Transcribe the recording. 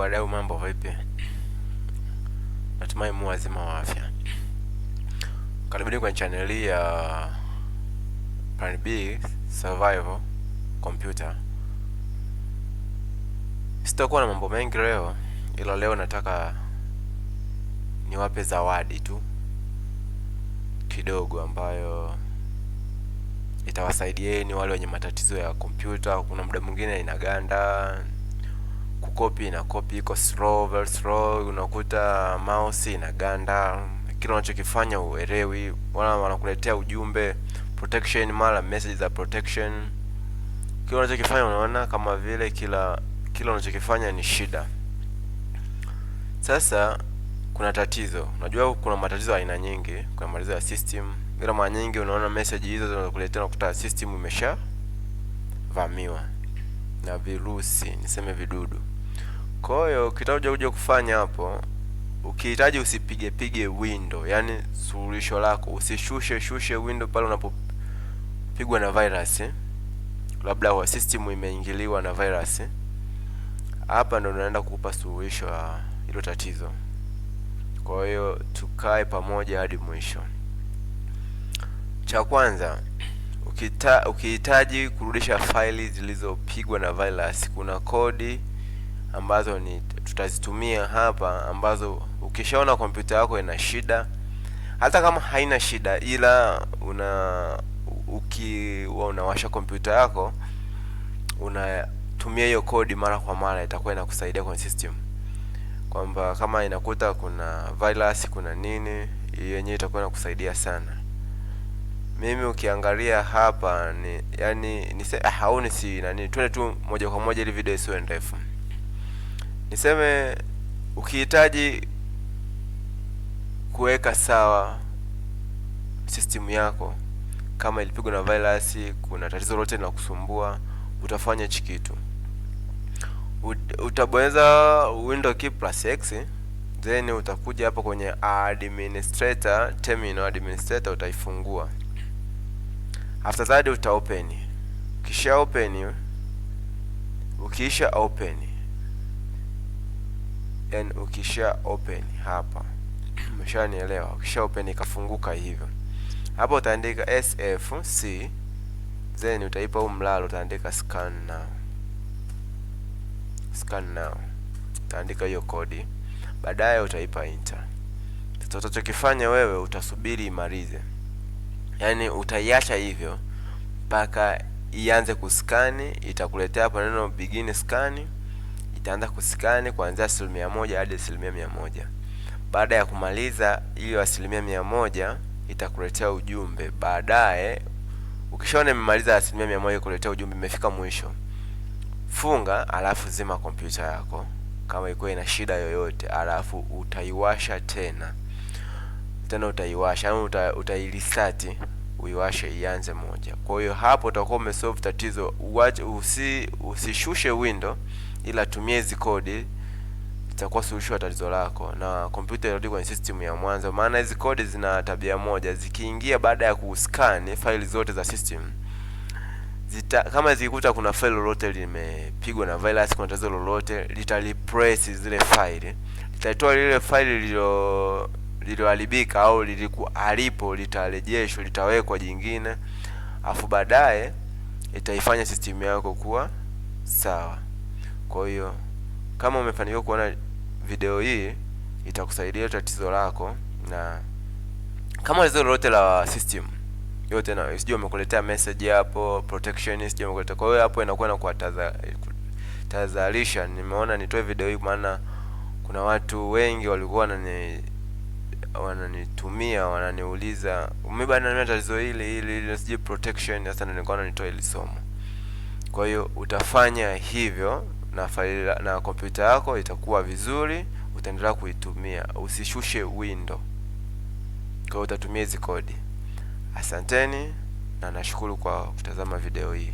Wadau mambo vipi? Natumai mu wazima wa afya. Karibuni kwenye chaneli ya Plan B Survival Computer. Sitakuwa na mambo mengi leo, ila leo nataka niwape zawadi tu kidogo ambayo itawasaidieni wale wenye matatizo ya kompyuta. Kuna muda mwingine inaganda copy na copy iko slow, very slow, unakuta mouse inaganda, kile unachokifanya uelewi, wala wanakuletea ujumbe protection, mara message za protection. Kile unachokifanya unaona kama vile kila kile unachokifanya ni shida. Sasa kuna tatizo. Unajua kuna matatizo aina nyingi, kuna matatizo ya system, ila mara nyingi unaona message hizo zinazokuletea unakuta system imesha vamiwa na virusi, niseme vidudu. Kwa hiyo kitakuja kufanya hapo, ukihitaji usipige pige window, yani suluhisho lako usishushe shushe window pale unapopigwa na virus, labda kwa system imeingiliwa na virus. Hapa ndo naenda kukupa suluhisho la hilo tatizo. Kwa hiyo tukae pamoja hadi mwisho. Cha kwanza, ukihitaji kurudisha faili zilizopigwa na virus, kuna kodi ambazo ni tutazitumia hapa, ambazo ukishaona kompyuta yako ina shida, hata kama haina shida, ila una ukiwa unawasha kompyuta yako unatumia hiyo kodi mara kwa mara, itakuwa inakusaidia kwenye system kwamba kama inakuta kuna virus kuna nini, hiyo yenyewe itakuwa inakusaidia sana. Mimi ukiangalia hapa ni yani ni au si nani, twende tu moja kwa moja ili video isiwe ndefu niseme ukihitaji kuweka sawa system yako kama ilipigwa na virus, kuna tatizo lote linakusumbua, utafanya hichi kitu. Utabonyeza window key plus x, then utakuja hapo kwenye administrator terminal administrator, utaifungua. After that uta open, kisha open, ukiisha open yani ukisha open hapa umeshanielewa, ukisha open ikafunguka hivyo hapo, utaandika sfc then utaipa huu mlalo, utaandika scan now, scan now, utaandika hiyo kodi, baadaye utaipa enter. Sasa utachokifanya wewe utasubiri imalize, yani utaiacha hivyo mpaka ianze kuskani, itakuletea hapo neno begin scan itaanza kusikani kuanzia asilimia moja hadi asilimia mia moja. Baada ya kumaliza hiyo asilimia mia moja itakuletea ujumbe baadaye. Ukishaona imemaliza asilimia mia moja kuletea ujumbe imefika mwisho, funga alafu zima kompyuta yako kama ilikuwa ina shida yoyote, alafu utaiwasha tena tena, utaiwasha au yaani uta, utailisati uiwashe ianze moja. Kwa hiyo hapo utakuwa umesolve tatizo, uache usi, usishushe window ila tumie hizi kodi itakuwa suluhisho ya tatizo lako, na kompyuta irudi kwenye system ya mwanzo. Maana hizi kodi zina tabia moja, zikiingia baada ya kuscan faili zote za system zita, kama zikikuta kuna faili lolote limepigwa na virus, kuna tatizo lolote, litalipress zile faili, litatoa lile faili lilo lililoharibika au lilikuharipo, litarejeshwa, litawekwa jingine, afu baadaye itaifanya system yako kuwa sawa. Kwa hiyo kama umefanikiwa kuona video hii itakusaidia tatizo lako, na kama tatizo lolote la system yote, na sijui umekuletea message hapo protection, sijui umekuletea. Kwa hiyo hapo inakuwa na inakutazalisha. Nimeona nitoe video hii, maana kuna watu wengi walikuwa wanani wananitumia wananiuliza, umebana na tatizo hili hili hili, sijui protection. Sasa nilikuwa nitoa hili somo. Kwa hiyo utafanya hivyo na faila na kompyuta yako itakuwa vizuri, utaendelea kuitumia, usishushe window. Kwa hiyo utatumia hizi kodi. Asanteni na nashukuru kwa kutazama video hii.